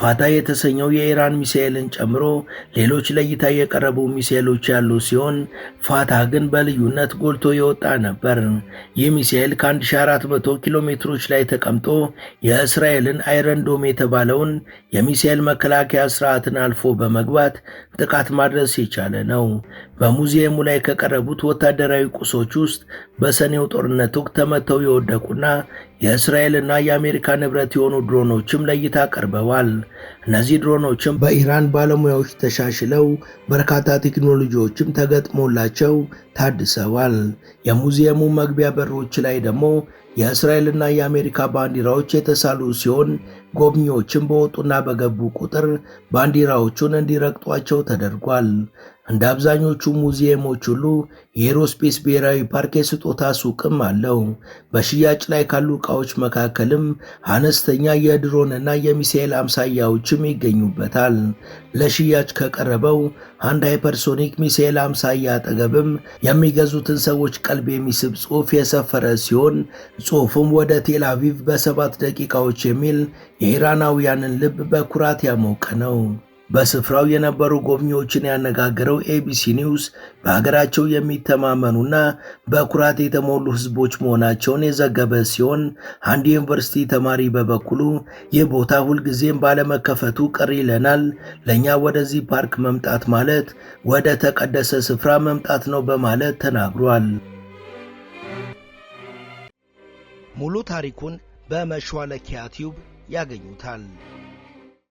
ፋታ የተሰኘው የኢራን ሚሳኤልን ጨምሮ ሌሎች ለእይታ የቀረቡ ሚሳኤሎች ያሉ ሲሆን ፋታ ግን በልዩነት ጎልቶ የወጣ ነበር። ይህ ሚሳኤል ከ1400 ኪሎ ሜትሮች ላይ ተቀምጦ የእስራኤልን አይረንዶም የተባለውን የሚሳኤል መከላከያ ስርዓትን አልፎ በመግባት ጥቃት ማድረስ የቻለ ነው። በሙዚየሙ ላይ ከቀረቡት ወታደራዊ ቁሶች ውስጥ በሰኔው ጦርነት ወቅት ተመተው የወደቁና የእስራኤልና የአሜሪካ ንብረት የሆኑ ድሮኖችም ለእይታ ቀርበዋል። እነዚህ ድሮኖችም በኢራን ባለሙያዎች ተሻሽለው በርካታ ቴክኖሎጂዎችም ተገጥሞላቸው ታድሰዋል። የሙዚየሙ መግቢያ በሮች ላይ ደግሞ የእስራኤልና የአሜሪካ ባንዲራዎች የተሳሉ ሲሆን ጎብኚዎችም በወጡና በገቡ ቁጥር ባንዲራዎቹን እንዲረግጧቸው ተደርጓል። እንደ አብዛኞቹ ሙዚየሞች ሁሉ የኤሮስፔስ ብሔራዊ ፓርክ የስጦታ ሱቅም አለው። በሽያጭ ላይ ካሉ ዕቃዎች መካከልም አነስተኛ የድሮንና የሚሳኤል አምሳያዎችም ይገኙበታል። ለሽያጭ ከቀረበው አንድ ሃይፐርሶኒክ ሚሳኤል አምሳያ አጠገብም የሚገዙትን ሰዎች ቀልብ የሚስብ ጽሑፍ የሰፈረ ሲሆን ጽሑፉም ወደ ቴል አቪቭ በሰባት ደቂቃዎች የሚል የኢራናውያንን ልብ በኩራት ያሞቀ ነው። በስፍራው የነበሩ ጎብኚዎችን ያነጋገረው ኤቢሲ ኒውስ በሀገራቸው የሚተማመኑና በኩራት የተሞሉ ሕዝቦች መሆናቸውን የዘገበ ሲሆን አንድ የዩኒቨርሲቲ ተማሪ በበኩሉ ይህ ቦታ ሁልጊዜም ባለመከፈቱ ቅር ይለናል። ለእኛ ወደዚህ ፓርክ መምጣት ማለት ወደ ተቀደሰ ስፍራ መምጣት ነው በማለት ተናግሯል። ሙሉ ታሪኩን በመሿለኪያ ቲዩብ ያገኙታል።